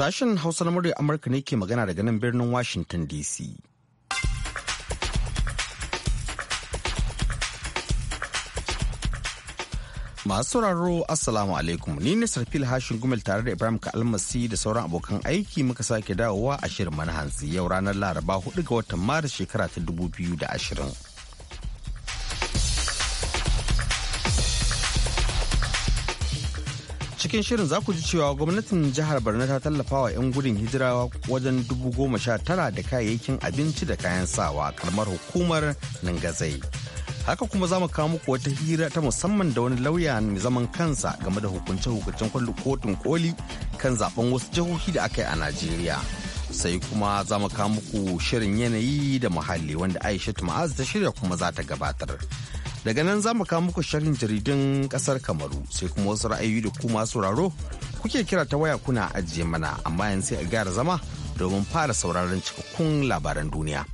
Sashen Hausa na murya Amurka ne ke magana daga nan birnin Washington DC. Masu sauraro Assalamu alaikum ni ne Sarfil Hashin Gumel tare da Ibrahim Kalmasi da sauran abokan aiki muka sake dawowa a shirin hantsi yau ranar Laraba 4 ga watan Maris shekara ta 2020. cikin shirin za ku ji cewa gwamnatin jihar Borno ta tallafa wa 'yan gudun hijira wajen dubu goma sha tara da kayayyakin abinci da kayan sawa a karamar hukumar ningazai Haka kuma za mu kawo muku wata hira ta musamman da wani lauya mai zaman kansa game da hukunce-hukuncen kwallo kotun koli kan zaben wasu jihohi da aka yi a Najeriya. Sai kuma za mu kawo muku shirin yanayi da muhalli wanda Aisha ma'aza ta shirya kuma za ta gabatar. Daga nan za mu kawo muku shirin jaridun kasar Kamaru sai kuma wasu ra'ayoyi da kuma sauraro kuke kira ta waya kuna ajiye mana amma yanzu sai a gyara zama domin fara sauraron cikakkun labaran duniya.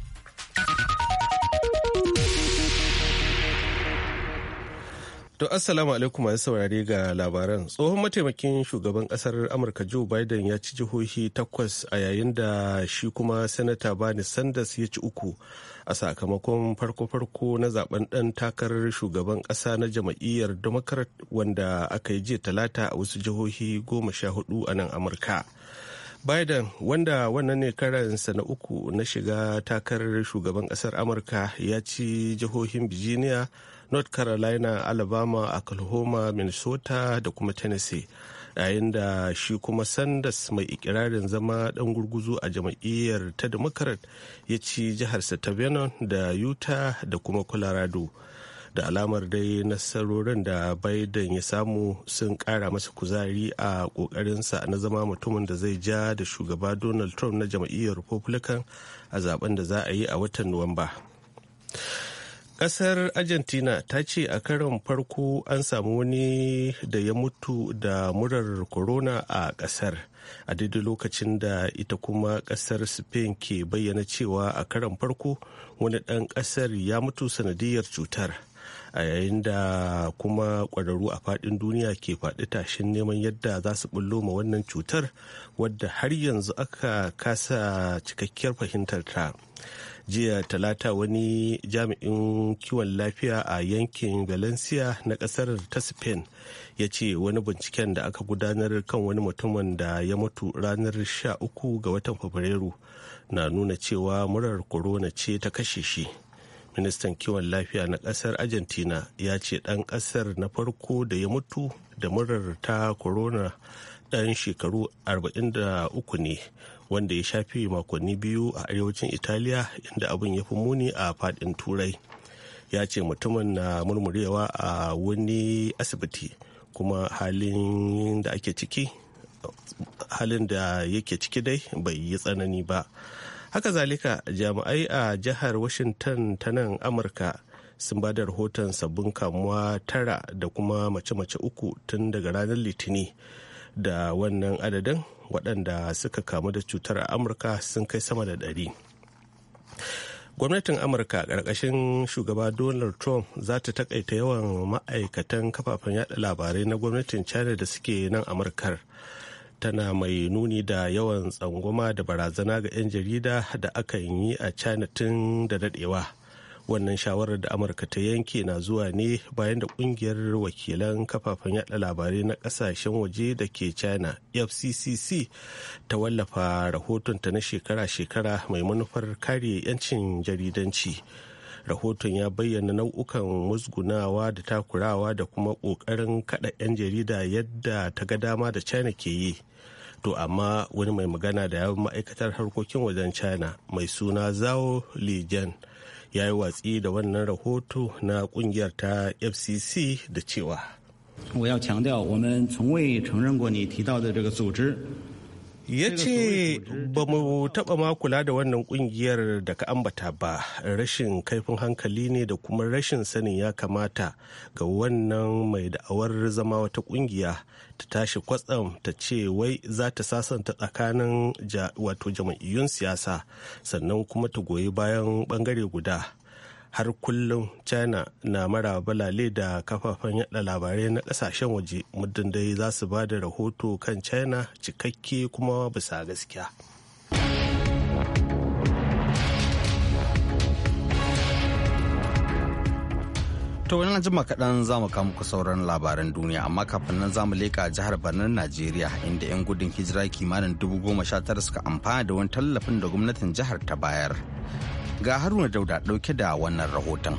To assalamu alaikum masu saurare ga labaran. Tsohon mataimakin shugaban kasar Amurka Joe Biden ya ci jihohi takwas a yayin da shi kuma Sanata Bernie Sanders ya ci uku. a sakamakon farko-farko na zaben dan takarar shugaban kasa na jam'iyyar democrat wanda aka yi jiya talata a wasu jihohi goma sha hudu a nan amurka biden wanda wannan ne karansa na uku na shiga takarar shugaban kasar amurka ya ci jihohin virginia north carolina alabama oklahoma minnesota da kuma tennessee yayin da shi kuma sanders mai ikirarin zama dan gurguzu a jam'iyyar ta democrat ya ci jiharsa ta benin da utah da kuma colorado da alamar dai nasarorin da biden ya samu sun kara masa kuzari a kokarinsa na zama mutumin da zai ja da shugaba donald trump na jam'iyyar republican a zaben da za a yi a watan nuwamba kasar Argentina ta ce a karon farko an samu wani da ya mutu da murar corona a kasar.. A daidai lokacin da ita kuma kasar Spain ke bayyana cewa a karon farko wani ɗan kasar ya mutu sanadiyar cutar. A yayin da kuma ƙwararru a fadin duniya ke faɗi tashin neman yadda za su bullo ma wannan cutar wadda har yanzu aka kasa cikakkiyar fahimtar ta. jiya talata wani jami'in kiwon lafiya a yankin valencia na kasar ta spain ya ce wani binciken da aka gudanar kan wani mutumin da ya mutu ranar 13 ga watan fabrairu na nuna cewa murar corona ce ta kashe shi ministan kiwon lafiya na kasar argentina ya ce ɗan kasar na farko da ya mutu da murar ta corona ɗan shekaru 43 ne wanda ya shafi makonni biyu a arewacin italiya inda abin ya fi muni a fadin turai ya ce mutumin na murmurewa a wani asibiti kuma halin da ake ciki halin da yake ciki dai bai yi tsanani ba haka zalika jami'ai a jihar washington ta nan amurka sun ba da rahoton sabbin kamuwa tara da kuma mace-mace uku tun daga ranar litini da wannan adadin waɗanda suka kamu da cutar a amurka sun kai sama da ɗari gwamnatin amurka ƙarƙashin shugaba donald trump za ta takaita yawan ma'aikatan kafafen yada labarai na gwamnatin china da suke nan amurkar tana mai nuni da yawan tsangwama da barazana ga 'yan jarida da akan yi a china tun da daɗewa wannan shawarar da amurka ta yanke na zuwa ne bayan da kungiyar wakilan kafafen yada labarai na kasashen waje da ke china fccc ta wallafa rahotonta na shekara-shekara mai manufar kare 'yancin jaridanci rahoton ya bayyana nau'ukan musgunawa da takurawa da kuma ƙoƙarin kada 'yan jarida yadda ta ga dama da china ke yi to amma wani mai magana da ya ma'aikatar harkokin wajen china mai suna zao lijian ya yi watsi da wannan rahoto na kungiyar ta fcc da cewa 我要强调，我们从未承认过你提到的这个组织。ya ce ba mu taɓa ma kula da wannan ƙungiyar da ka ambata ba rashin kaifin hankali ne da kuma rashin sanin ya kamata ga wannan mai da'awar zama wata ƙungiya ta tashi kwatsam ta ce wai za ta sasanta tsakanin wato jama'iyyun siyasa sannan kuma ta goyi bayan ɓangare guda har kullum china na mara balale da kafafen yada labarai na kasashen waje muddin dai za su ba da rahoto kan china cikakke kuma bisa gaskiya To wani jima kaɗan za mu kawo muku sauran labaran duniya amma kafin nan za mu leƙa jihar banan Najeriya inda 'yan gudun hijira kimanin dubu goma sha suka amfana da wani tallafin da gwamnatin jihar ta bayar. ga haruna dauda dauke da wannan rahoton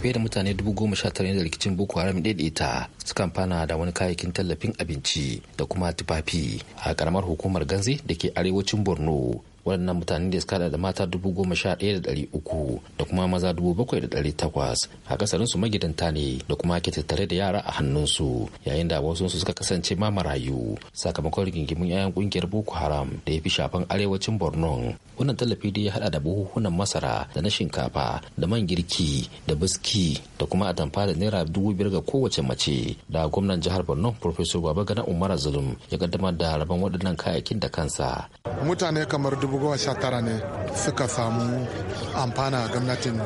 fiye da mutane dubu goma sha tara da rikicin boko haram daidaita sukan fana da wani kayayyakin tallafin abinci da kuma tufafi a karamar hukumar ganze da ke arewacin borno waɗannan mutane da suka da mata dubu goma sha ɗaya da ɗari uku da kuma maza dubu bakwai da ɗari takwas a kasarin su magidanta ne da kuma ke tattare da yara a hannunsu yayin da wasu su suka kasance ma marayu sakamakon rigingimin 'ya'yan ƙungiyar boko haram da ya fi shafan arewacin borno wannan tallafi da ya haɗa da buhuhunan masara da na shinkafa da man girki da biski da kuma atamfa da naira dubu biyar ga kowace mace da gwamnan jihar borno professor babagana umar zulum ya kaddamar da rabon waɗannan kayayyakin da kansa mutane kamar dubu tara ne suka samu amfana a gwamnatin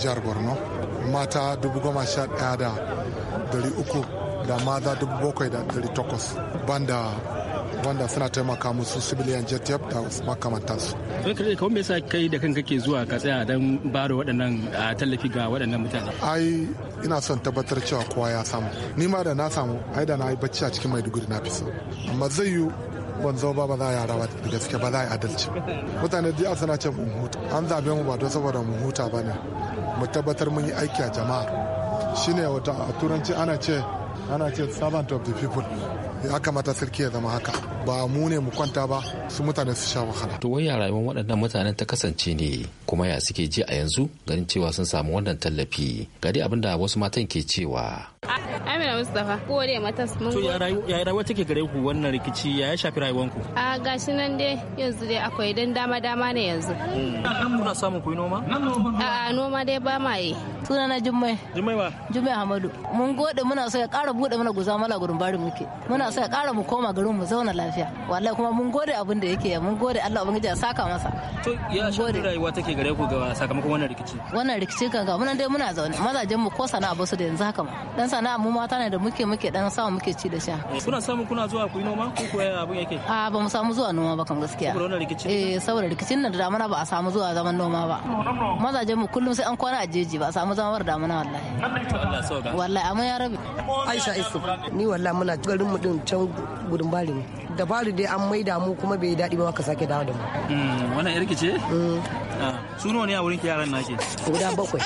jihar borno mata uku da maza takwas banda wanda suna taimaka musu civilian jet da makamantansu. Don kare kawai yasa kai da kanka ke zuwa ka tsaya don bada waɗannan tallafi ga waɗannan mutane. Ai ina son tabbatar cewa kowa ya samu. Ni ma da na samu ai da na yi bacci a cikin Maiduguri na fi so. Amma zai yiwu ban zo ba ba za a yara ba da gaske ba za a yi adalci mutane da a sana ce mu huta an zabe mu ba don saboda mu huta ba ne mu tabbatar mun yi aiki a jama'a shine wata a turanci ana ce ana ce servant of the people ya kamata sarki ya zama haka ba mu ne mu kwanta ba su mutane su sha wahala. To wai ya rayuwar waɗannan mutanen ta kasance ne kuma ya suke ji a yanzu ganin cewa sun samu wannan tallafi ga dai abinda wasu matan ke cewa. Amina Mustapha ko dai mata mun To ya rayuwa take gare ku wannan rikici ya ya shafi rayuwanku? A gashi nan dai yanzu dai akwai dan dama dama ne yanzu. Hmm. An muna samun ku noma? A noma dai ba ma yi. Sunana Jummai. Jummai ba? Jummai Hamadu. Mun gode muna so ya ƙara buɗe mana guza mala gurin barin muke. Muna so ya ƙara mu koma garin mu zauna lafiya. lafiya wallahi kuma mun gode abin da yake mun gode Allah ubangiji ya saka masa to ya shi rayuwa take gare ku ga sakamakon wannan rikici wannan rikici kan ga munan dai muna zaune mazajen mu ko sana'a ba su da yanzu haka ma dan sana'a mu mata ne da muke muke dan samu muke ci da sha eh, kuna samu kuna zuwa ku yi noma ko ko abin yake a ah, ba mu samu zuwa noma ba kan gaskiya saboda wannan rikici eh saboda rikicin nan da damana ba a samu zuwa zaman noma ba mazajen mu kullum sai an kwana a jeji ba a samu zamar damana wallahi wallahi amma ya rabi. aisha isu ni wallahi muna garin mu din can gudun bari ne dabaru dai an maida mu kuma bai daɗi ba ka sake dawo da mu. Hmm, wannan yarki ce? Hmm. Ah, suna ne a wurin yaran nake? guda bakwai.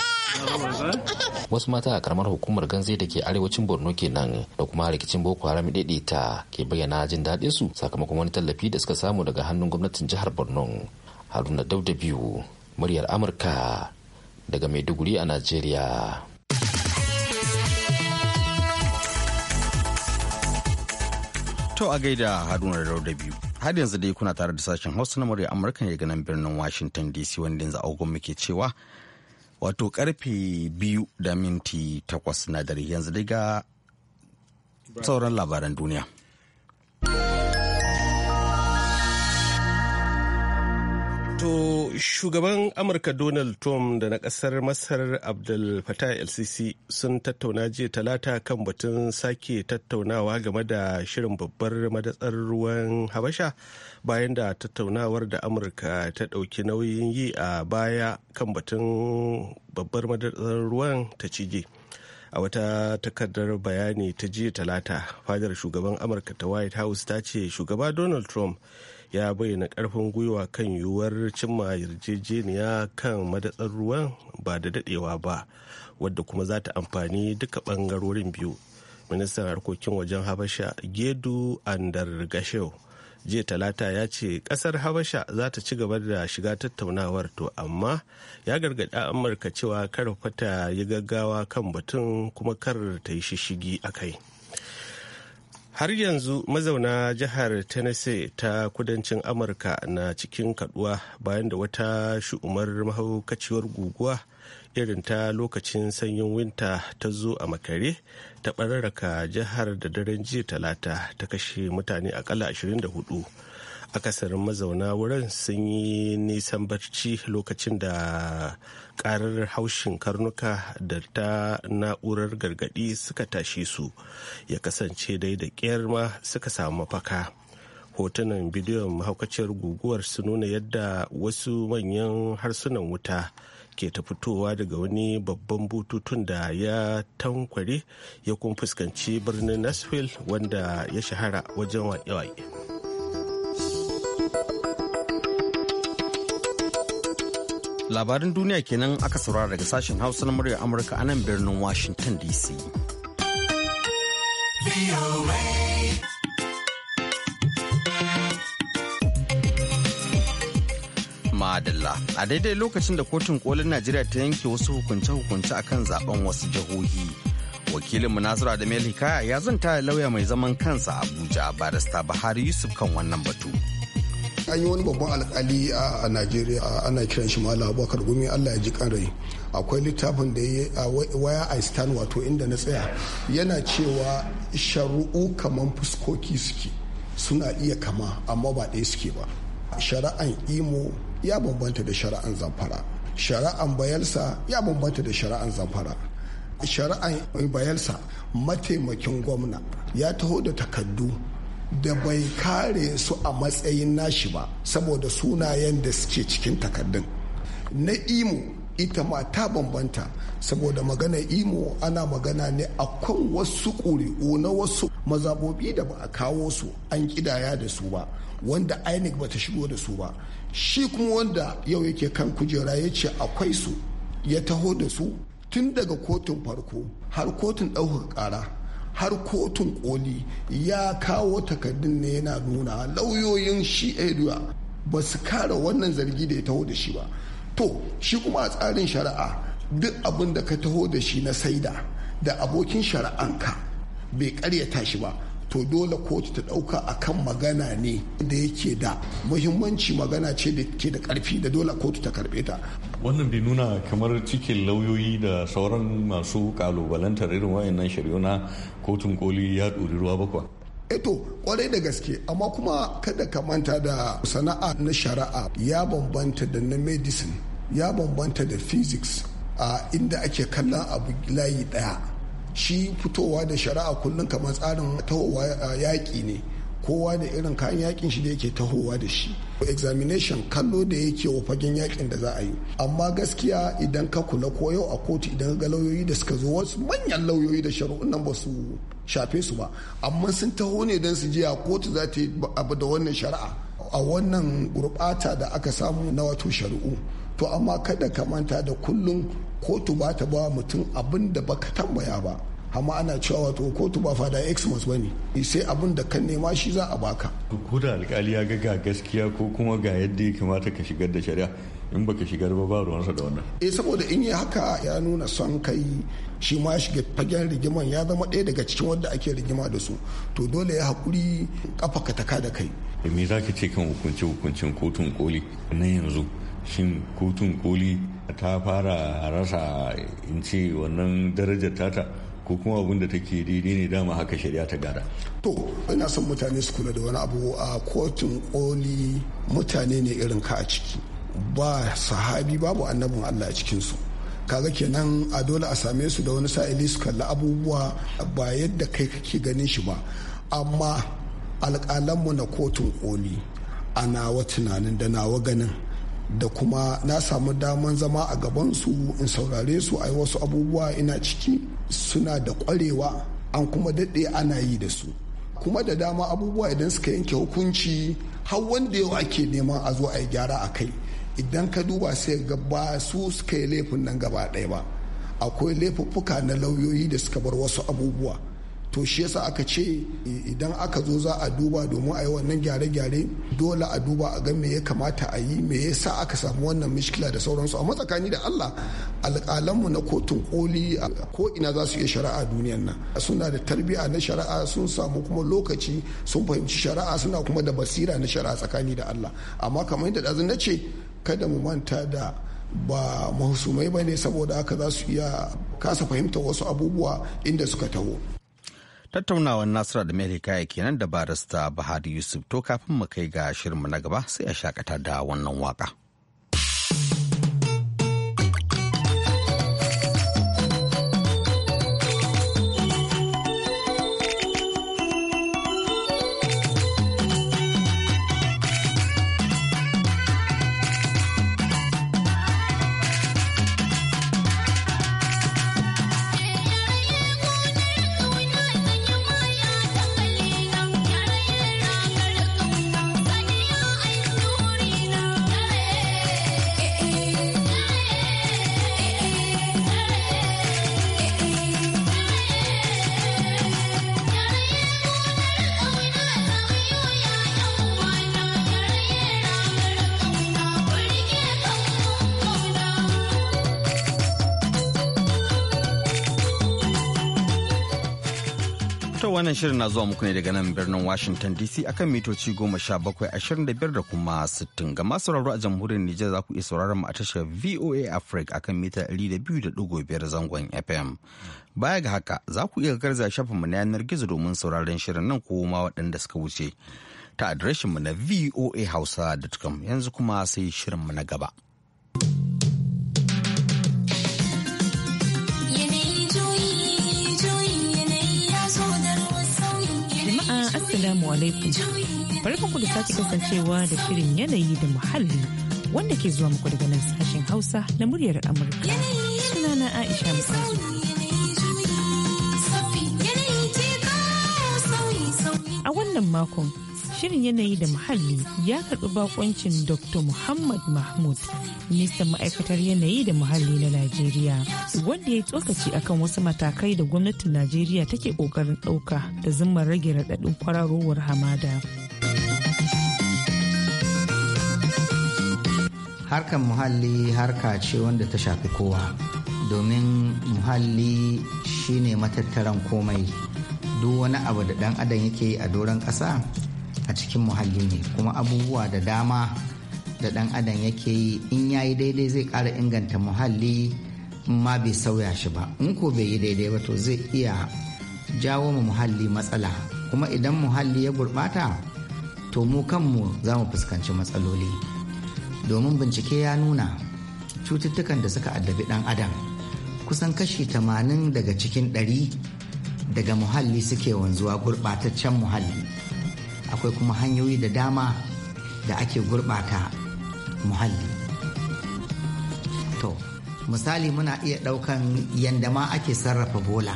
wasu mata a karamar hukumar ganze da ke arewacin borno kenan da kuma rikicin boko haram ta ke bayyana jin daɗin su sakamakon wani tallafi da suka samu daga hannun gwamnatin jihar borno haruna dauda biyu muryar amurka daga maiduguri a najeriya To a gaida Haruna da biyu. Har yanzu dai kuna tare da sashen Hausa na murya Amurka ne ganin birnin Washington DC wanda yanzu agogon muke cewa wato karfe biyu da minti takwas na dare yanzu dai ga sauran labaran duniya. To shugaban Amurka Donald Trump da na ƙasar Masar Abdul Fattah el sun tattauna jiya talata kan batun sake tattaunawa game da shirin babbar madatsar ruwan Habasha bayan da tattaunawar da Amurka ta ɗauki nauyin yi a baya kan batun babbar madatsar ruwan ta cije. a wata takardar bayani ta jiya talata fadar shugaban amurka ta white house ta ce shugaba donald trump ya bayyana karfin gwiwa kan yiwuwar cimma yarjejeniya kan madatsar ruwan ba da dadewa ba wadda kuma za ta amfani duka bangarorin biyu ministan harkokin wajen habasha gedu andar gashew jiya talata ya ce kasar habasha za ta ci gaba da shiga tattaunawar to amma ya gargaɗi amurka cewa kar fata yi gaggawa kan batun kuma kar ta yi shishigi a kai har yanzu mazauna jihar tennessee ta kudancin amurka na cikin kaduwa bayan da wata shu'umar mahaukaciyar guguwa irin ta lokacin sanyin winta ta zo a makare ta bararraka jihar da daren jiya talata ta kashe mutane akalla 24 akasarin mazauna wurin sun yi nisan barci lokacin da karar haushin karnuka da ta na'urar gargadi suka tashe su ya kasance dai da ƙyar ma suka samu mafaka hotunan bidiyon mahaukaciyar guguwar su nuna yadda wasu manyan harsunan wuta ke ta fitowa daga wani babban bututun da ya tankware ya kuma fuskanci birnin nashville wanda ya shahara wajen waƙe-waƙe. Labarin duniya kenan aka saurara daga sashen hausa na murya amurka a nan birnin washington dc madalla a daidai lokacin da kotun kolin najeriya ta yanke wasu hukunce-hukunce akan zaben wasu jihohi wakilin munasura da hikaya ya zanta lauya mai zaman kansa abuja barista bahari yusuf kan wannan batu. an yi wani babban alkali a najeriya ana kiran shi malam abubakar gumi allah ya ji rai akwai littafin da ya waya a stand wato inda na tsaya yana cewa sharu'u kaman fuskoki suke suna iya kama amma ba ɗaya suke ba shari'an imo ya bambanta da shari'an zamfara shari'an bayelsa ya bambanta da shari'an zamfara shari'an bayelsa mataimakin gwamna ya taho da takaddu da bai kare su a matsayin nashi ba saboda sunayen da suke cikin takardun na imo ita ma ta bambanta saboda magana imo ana magana ne a kan wasu ƙuri'u na wasu mazabobi da ba a kawo su an ƙidaya da su ba wanda inec ba ta shigo da su ba shi kuma wanda yau yake kan kujera ya ce akwai su ya taho da su tun daga kotun farko har kotun ɗaukar ƙara har kotun koli ya kawo takardun ne yana nuna lauyoyin shi edua ba su kara wannan zargi da ya taho da shi ba to shi kuma a tsarin shari'a duk abin da ka taho da shi na saida da abokin shari'anka bai karyata shi ba to dole kotu ta ɗauka akan magana ne da yake da muhimmanci magana ce da ke da karfi da dole kotu ta karɓe ta. wannan bai nuna kamar cikin lauyoyi da sauran masu kalubalantar irin wayannan shari'u na kotun koli ya ɗori ruwa bakwa. eto eh kwarai da gaske amma kuma kada ka manta da sana'a na shari'a ya bambanta da na medicine ya bambanta da physics a inda ake kallon abu layi daya shi fitowa da shari'a kullum kamar tsarin tahowa yaƙi ne kowa da irin kayan yakin shi da yake tahowa da shi examination kallo da yake wa fagen yakin da za a yi amma gaskiya idan ka kula ko yau a kotu idan ga lauyoyi da suka zo wasu manyan lauyoyi da shari'un nan ba su shafe su ba amma sun taho ne don su je a kotu za ta yi abu da wannan shari'a a wannan gurɓata da aka samu na wato shari'u to amma kada ka manta da kullum kotu ba ta ba mutum abin da ba ka tambaya ba amma ana cewa wato kotu ba fada xmas ba ne sai abin da kan nema shi za a baka ko da alkali ya ga ga gaskiya ko kuma ga yadda ya kamata ka shigar da shari'a in baka shigar ba ba ruwansa da wannan eh saboda in yi haka ya nuna son kai shi ma shiga fagen rigiman ya zama ɗaya daga cikin wanda ake rigima da su to dole ya haƙuri kafa ka taka da kai me za ce kan hukunce hukuncin kotun koli na yanzu shin kotun koli ta fara rasa in ce wannan darajar tata ko kuma abin da take daidai ne dama haka shari'a ta gada. To, ina son mutane su kula da wani abu a kotun koli mutane ne irin ka a ciki. Ba sahabi babu annabin Allah a cikinsu. kaga kenan a dole a same su da wani sa'ili su kalli abubuwa ba yadda kai kake ganin shi ba amma alƙalanmu na kotun koli a nawa tunanin da nawa ganin da kuma na samu daman zama a gabansu in saurare su a wasu abubuwa ina ciki suna da kwarewa an kuma daɗe ana yi da su kuma da dama abubuwa idan suka yanke hukunci har wanda yau ake neman a zo a yi gyara a kai idan ka duba sai ga su suka yi laifin nan gaba ɗaya ba akwai laifuffuka na lauyoyi da suka bar wasu abubuwa to shi yasa aka ce idan aka zo za a duba domin a yi wannan gyare-gyare dole a duba a ga me ya kamata a yi me ya sa aka samu wannan mishkila da sauransu amma tsakani da Allah alƙalanmu na kotun koli a ko ina za su iya shari'a duniyan nan suna da tarbiyya na shari'a sun samu kuma lokaci sun fahimci shari'a suna kuma da basira na shari'a tsakani da Allah amma kamar yadda ɗazun na ce kada mu manta da ba mahusumai ba ne saboda haka za su iya kasa fahimta wasu abubuwa inda suka taho tattaunawar nasara da mai hikaya kenan da barista bahari yusuf to kafin mu kai ga shirinmu na gaba sai a shakata da wannan waka. Wannan shirin na zuwa muku ne daga nan birnin Washington DC akan mitoci goma sha bakwai ashirin da biyar da kuma sittin ga masu sauraro a jamhuriyar Nijar za ku iya sauraron mu a tashar VOA Africa akan mita 102.5 da biyu zangon FM. Baya ga haka za ku iya garza shafin mu na yanar gizo domin sauraron shirin nan ko ma waɗanda suka wuce ta adireshin mu na voa voahausa.com yanzu kuma sai shirin mu na gaba. alaikum. Barkan ku da sake kasancewa da shirin yanayi da muhalli wanda ke zuwa muku daga nan sashen Hausa na muryar Amurka. na Aisha Mu'azu. A wannan makon Shirin yanayi da muhalli ya karbi bakoncin Dr. Muhammad Mahmud, ministan ma'aikatar yanayi da muhalli na Najeriya, wanda ya yi tsokaci akan wasu matakai da gwamnatin Najeriya take kokarin ɗauka da zimmar rage raɗaɗin kwararowar hamada. Harkar muhalli harka ce wanda ta shafi kowa, domin muhalli shine matattaran komai. Duk wani abu da dan adam yake yi a doron ƙasa a cikin muhalli ne kuma abubuwa da dama da ɗan adam yake yi in ya yi daidai zai ƙara inganta muhalli in ma bai sauya shi ba in ko bai yi daidai ba to zai iya jawo mu muhalli matsala kuma idan muhalli ya gurɓata to mu kanmu za mu fuskanci matsaloli domin bincike ya nuna cututtukan da suka addabi ɗan adam kusan kashi tamanin daga cikin 100 daga muhalli suke wanzuwa gurɓataccen muhalli akwai kuma hanyoyi da dama da ake gurɓata muhalli to misali muna iya ɗaukan yadda ma ake sarrafa bola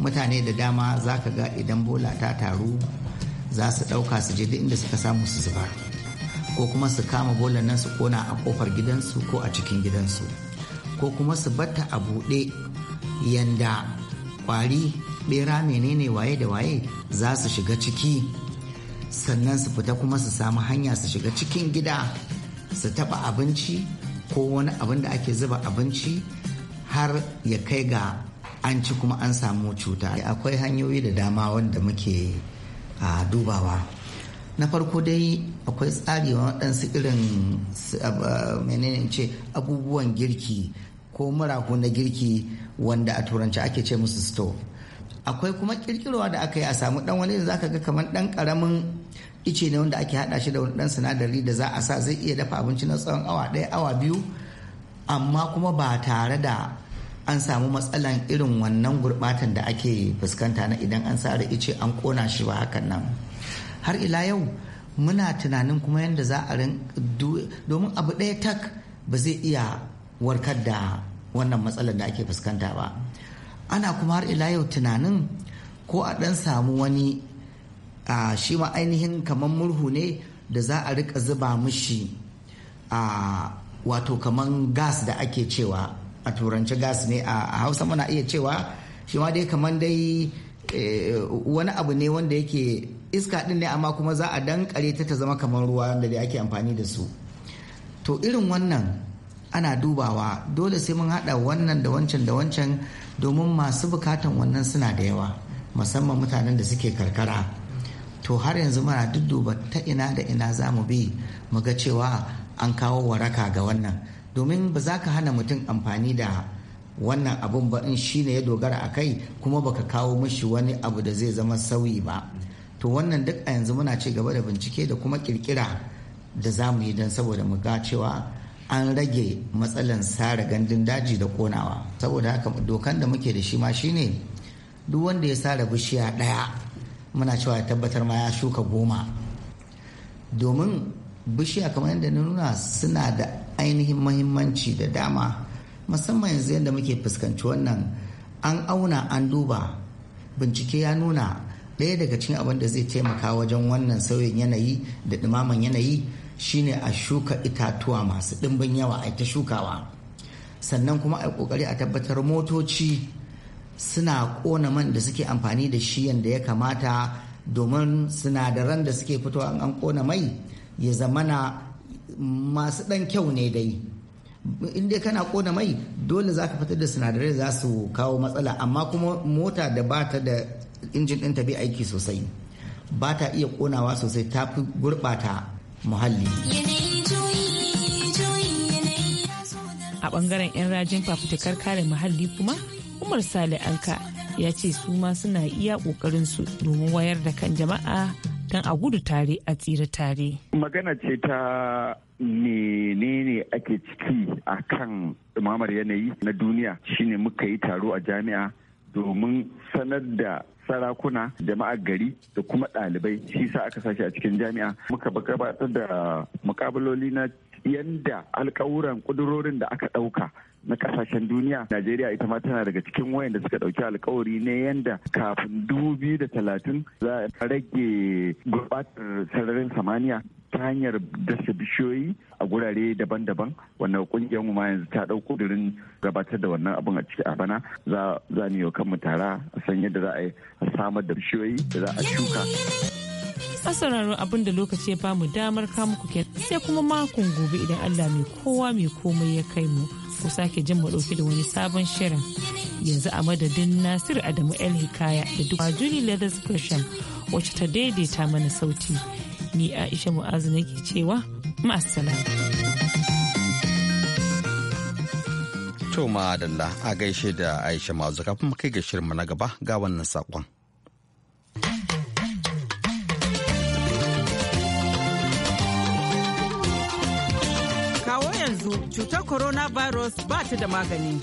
mutane da dama za ka ga idan bola ta taru za su ɗauka su je duk inda suka samu su zubar ko kuma su kama bola nan su kona a ƙofar gidansu ko a cikin gidansu ko kuma su batta a buɗe yanda ƙwari ɓera menene waye da waye za su shiga ciki sannan su fita kuma su samu hanya su shiga cikin gida su taɓa abinci ko wani abin da ake zuba abinci har ya kai ga an ci kuma an samu cuta akwai hanyoyi da dama wanda muke a dubawa na farko dai akwai tsari waɗansu irin menene ce abubuwan girki ko murahu na girki wanda a turanci ake ce musu store akwai kuma kirkirowa da aka yi a samu dan wani da zaka ga kamar dan karamin ice ne wanda ake hada shi da wani dan sinadari da za a sa zai iya dafa abinci na tsawon awa ɗaya awa biyu amma kuma ba tare da an samu matsalan irin wannan gurbatan da ake fuskanta na idan an sare ice an kona shi ba hakan nan har ila yau muna tunanin kuma yadda za a domin abu ɗaya tak ba zai iya warkar da wannan matsalar da ake fuskanta ba ana kuma har ila yau tunanin ko a ɗan samu wani a shi ma ainihin kamar murhu ne da za a rika zuba mushi a wato kamar gas da ake cewa a turanci gas ne a hausa muna iya cewa shi ma dai kamar dai e, wani abu ne wanda yake iska ɗin ne amma kuma za a dankare ta ta zama kamar ruwa da dai ake amfani da su to irin wannan ana dubawa dole sai mun haɗa wannan da wancan da wancan domin masu bukatan wannan suna da yawa musamman mutanen da suke karkara to har yanzu muna dudduba ta ina da ina za mu bi mu ga cewa an kawo waraka ga wannan domin ba za ka hana mutum amfani da wannan abun ba in shine ya dogara a kai kuma baka kawo mishi wani abu da zai zama sauyi ba to wannan duk a yanzu muna ci gaba da bincike da kuma kirkira da za mu yi don saboda mu ga cewa an rage matsalan sare gandun daji da konawa saboda haka dokan da muke da shi ma shine duk wanda ya sare bishiya ɗaya muna cewa ya tabbatar ma ya shuka goma domin bishiya kamar yadda na nuna suna da ainihin mahimmanci da dama musamman yanzu yadda muke fuskanci wannan an auna an duba bincike ya nuna ɗaya daga cikin abin da zai taimaka wajen wannan sauyin yanayi da ɗumaman yanayi shine a shuka itatuwa masu ɗimbin yawa a ta shukawa sannan kuma a kokari a tabbatar motoci suna ƙona man da suke amfani da shi yadda ya kamata domin sinadaran da suke fitowa an kona mai ya zamana masu ɗan kyau ne dai in dai kana kona mai dole za ka fitar da sinadarai za su kawo matsala amma kuma mota da ba ta da injin ɗinta bai aiki sosai ba ta iya ƙonawa sosai ta fi gurɓata muhalli. A ɓangaren 'yan rajin fafutukar kare muhalli kuma, Umar Sale Anka ya ce su ma suna iya su domin wayar da kan jama'a don a gudu tare a tsira tare. Magana ce ta menene ake ciki a kan ɗumamar yanayi na duniya shine muka yi taro a jami'a domin sanar da sarakuna jama'ar gari da kuma ɗalibai shi sa aka sashi a cikin jami'a muka gabatar da mukabaloli na yanda alkawuran kudurorin da aka ɗauka na kasashen duniya najeriya ita ma tana daga cikin wayanda suka ɗauki alkawari ne yanda kafin dubu biyu da talatin za a rage gurbatar sararin samaniya ta hanyar dasa bishiyoyi a gurare daban-daban wannan kungiyar ma yanzu ta dauko kudurin gabatar da wannan abin a ciki a bana za za mu tare tara a san yadda za a samar da bishiyoyi da za a shuka a sauraro abin da lokaci ya bamu damar kamuku ke sai kuma makon gobe idan allah mai kowa mai komai ya kai mu ku sake jin mu dauke da wani sabon shirin yanzu a madadin nasir adamu el hikaya da duk julie leathers gresham wacce ta daidaita mana sauti ni aisha mu'azu nake cewa ma'asala to madalla a gaishe da aisha ma'azu kafin kai ga shirma na gaba ga wannan saƙon kawo yanzu cutar coronavirus ba ta da magani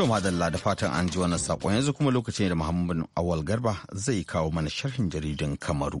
To madalla da fatan an ji wannan saƙon yanzu kuma lokacin da Muhammadu Awal Garba zai kawo mana sharhin jaridan Kamaru.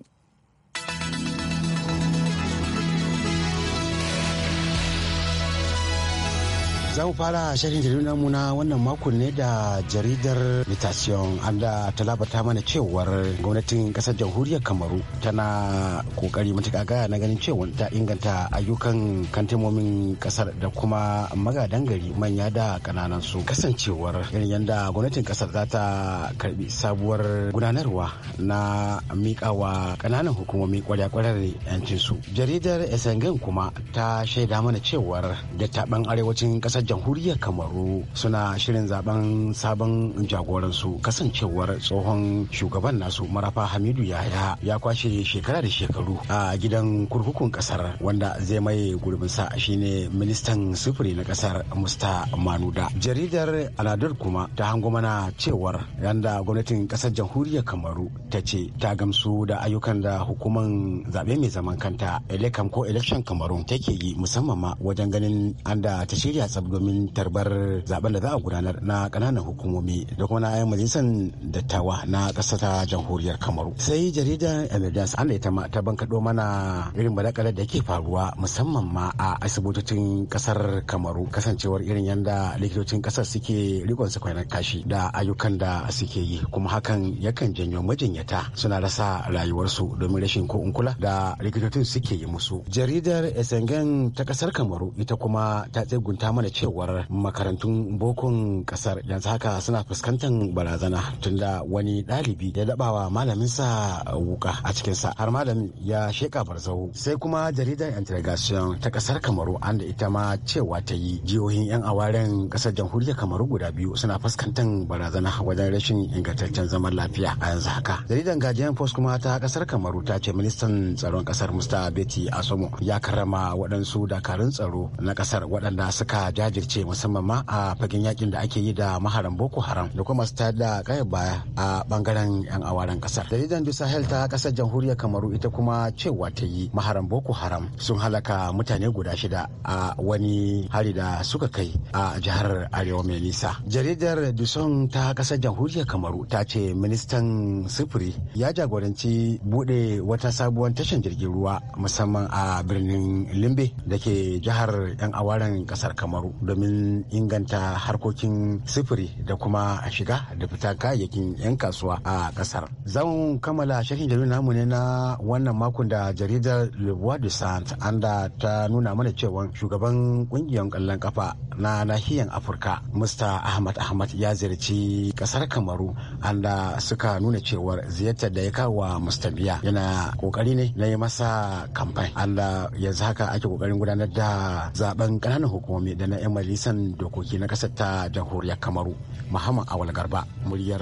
za mu fara shirin jaridar mu na wannan makon ne da jaridar mutation anda ta mana cewar gwamnatin kasar jamhuriyar kamaru tana kokari matuƙa gaya na ganin cewa ta inganta ayyukan kantimomin kasar da kuma magadan gari manya da kananan su kasancewar irin yadda gwamnatin kasar za ta karbi sabuwar gudanarwa na miƙawa kananan hukumomi kwarya-kwarar yancin su jaridar esengen kuma ta shaida mana cewar da taɓan arewacin kasar jamhuriyar kamaru suna shirin zaben sabon jagoransu kasancewar tsohon shugaban nasu marafa hamidu yaya ya kwashe shekara da shekaru a gidan kurkukun kasar wanda zai mai gurbinsa shine ministan sufuri na kasar musta manuda jaridar aladar kuma ta hango mana cewar yanda gwamnatin kasar jamhuriyar kamaru ta ce ta gamsu da ayyukan da hukuman zaɓe mai zaman kanta elekam ko election kamaru take yi musamman ma wajen ganin an da ta shirya tsab domin tarbar zaben da za a gudanar na kananan hukumomi da kuma na majalisar dattawa na ƙasa ta jamhuriyar kamaru sai jaridar emergence an ita ma ta bankaɗo mana irin balakalar da ke faruwa musamman ma a asibitocin ƙasar kamaru kasancewar irin yanda likitocin ƙasar suke rikon su kwanan kashi da ayyukan da suke yi kuma hakan yakan janyo majinyata suna rasa rayuwarsu domin rashin ko kula da likitocin suke yi musu jaridar esengen ta ƙasar kamaru ita kuma ta tsegunta mana cewar makarantun bokon kasar yanzu haka suna fuskantar barazana tunda wani ɗalibi ya dabawa malaminsa wuka a cikinsa har malamin ya sheka barzau sai kuma jaridar intergation ta kasar kamaru an da ita ma cewa ta yi jihohin yan awaren kasar jamhuriyar kamaru guda biyu suna fuskantar barazana wajen rashin ingantaccen zaman lafiya a yanzu haka jaridar guardian post kuma ta kasar kamaru ta ce ministan tsaron kasar musta beti asomo ya karrama waɗansu dakarun tsaro na kasar waɗanda suka jaje jajirce musamman ma a fagen yakin da ake yi da maharan boko haram da kuma masu tada da kayan baya a bangaren yan awaren kasar jaridan du sahel ta kasar jamhuriyar kamaru ita kuma cewa ta yi maharan boko haram sun halaka mutane guda shida a wani hari da suka kai a jihar arewa mai nisa jaridar duson ta kasar jamhuriyar kamaru ta ce ministan sufuri ya jagoranci bude wata sabuwar tashar jirgin ruwa musamman a birnin limbe da ke jihar yan awaren kasar kamaru domin inganta harkokin sufuri da kuma shiga da fita kayayyakin 'yan kasuwa a kasar. Zan kammala shakin jaridar namu ne na wannan makon da jaridar Le Bois du Saint anda ta nuna mana cewa shugaban kungiyar kallon kafa na nahiyar Afirka Mr. Ahmad Ahmad ya ziyarci kasar Kamaru anda suka nuna cewar ziyartar da ya kawo Mr. Biya yana kokari ne na yi masa kamfai. Anda yanzu haka ake kokarin gudanar da zaben kananan hukumomi da na 'yan 'yan majalisar dokoki na kasar ta jamhuriyar kamaru muhammad awal garba muryar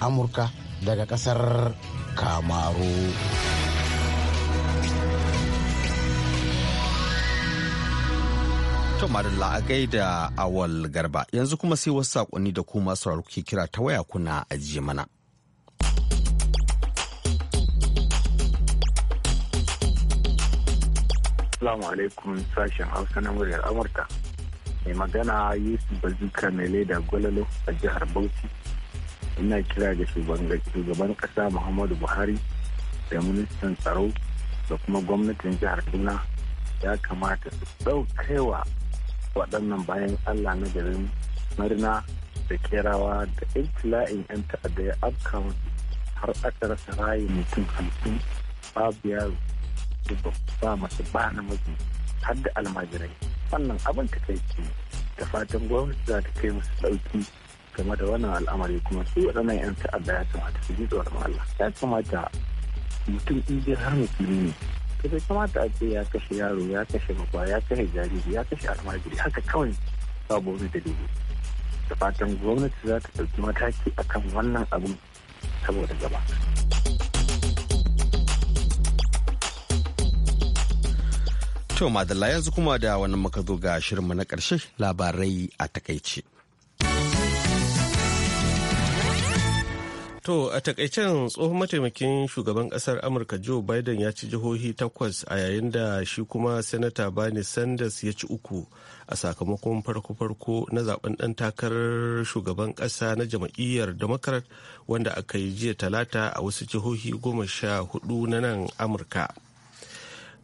amurka daga kasar kamaru To Madalla a gaida awal garba yanzu kuma sai wasu saƙonni da kuma sauraro ke kira ta waya kuna ajiye mana. Assalamu alaikum sashen Hausa na muryar Amurka. mai magana yusuf bazuka mai da gwalalo a jihar bauchi ina kira ga shugaban kasa muhammadu buhari da ministan tsaro da kuma gwamnatin jihar kuna ya kamata su ɗaukewa waɗannan bayan allah na garin marina da kerawa da intila'in 'yan ta'adda ya afka har aka rasa rayu mutum hamsin babu yaro ba masu ba na mutum har da almajirai wannan abin ta kai da fatan gwamnati za ta kai musu sauki game da wannan al'amari kuma su waɗannan 'yan ta'adda ya kamata su ji tsoron Allah ya kamata mutum in zai har mutum ne ta zai kamata a ce ya kashe yaro ya kashe makwa ya kashe jariri ya kashe almajiri haka kawai babu wani dalili da fatan gwamnati za ta ɗauki mataki akan wannan abin saboda gaba. To madalla yanzu kuma da wannan muka zo ga shirinmu na ƙarshe labarai a takaice. To a takaicen tsohon mataimakin shugaban ƙasar Amurka Joe Biden ya ci jihohi takwas a yayin da shi kuma Sanata Bernie Sanders ya ci uku a sakamakon farko-farko na zaben ɗan takarar shugaban ƙasa na jam'iyyar Democrat wanda aka yi jiya talata a wasu jihohi goma sha hudu na nan Amurka.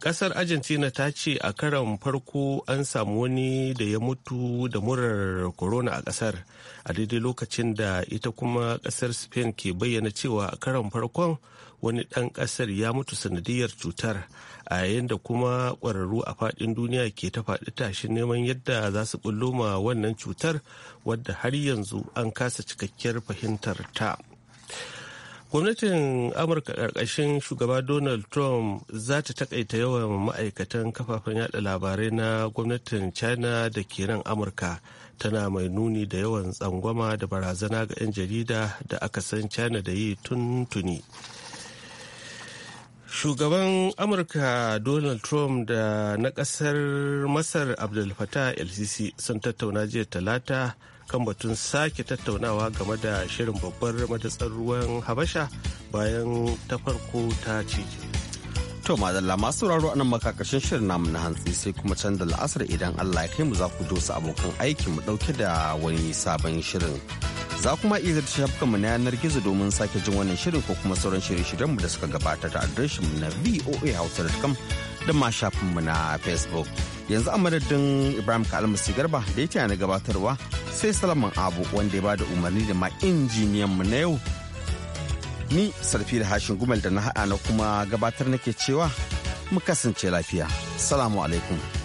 Kasar Argentina ta ce a karan farko an samu wani da ya mutu da murar corona a kasar a daidai lokacin da ita kuma kasar Spain ke bayyana cewa a karan farkon wani ɗan ƙasar ya mutu sanadiyar cutar a yayin da kuma ƙwararru a faɗin duniya ke ta faɗi tashin neman yadda za su ma wannan cutar wadda har yanzu an kasa cikakkiyar fahimtar ta. gwamnatin amurka ƙarƙashin shugaba donald trump za ta takaita yawan ma'aikatan kafafen yada labarai na gwamnatin china da ke nan amurka tana mai nuni da yawan tsangwama da barazana ga 'yan jarida da aka san china da yi tun tuni shugaban amurka donald trump da na ƙasar masar abdul fattah lcc sun tattauna jiya talata kan batun sake tattaunawa game da shirin babbar madatsar ruwan habasha bayan ta farko ta cije. To madalla masu sauraro anan makakashin shirin namu na hantsi sai kuma canza la'asar idan Allah ya kai mu za ku dosa abokan aiki mu dauke da wani sabon shirin. Za kuma iya zata shafukan mu na yanar gizo domin sake jin wannan shirin ko kuma sauran shirye-shiryen mu da suka gabata ta adireshin mu na voahausa.com da ma shafin mu na Facebook. yanzu a madadin ibrahim kalmasi garba da ya na gabatarwa sai salaman abu wanda ya ba da umarni da ma injiniyan mu na yau ni sarfi da hashin gumel da na haɗa na kuma gabatar nake cewa mu kasance lafiya salamu alaikum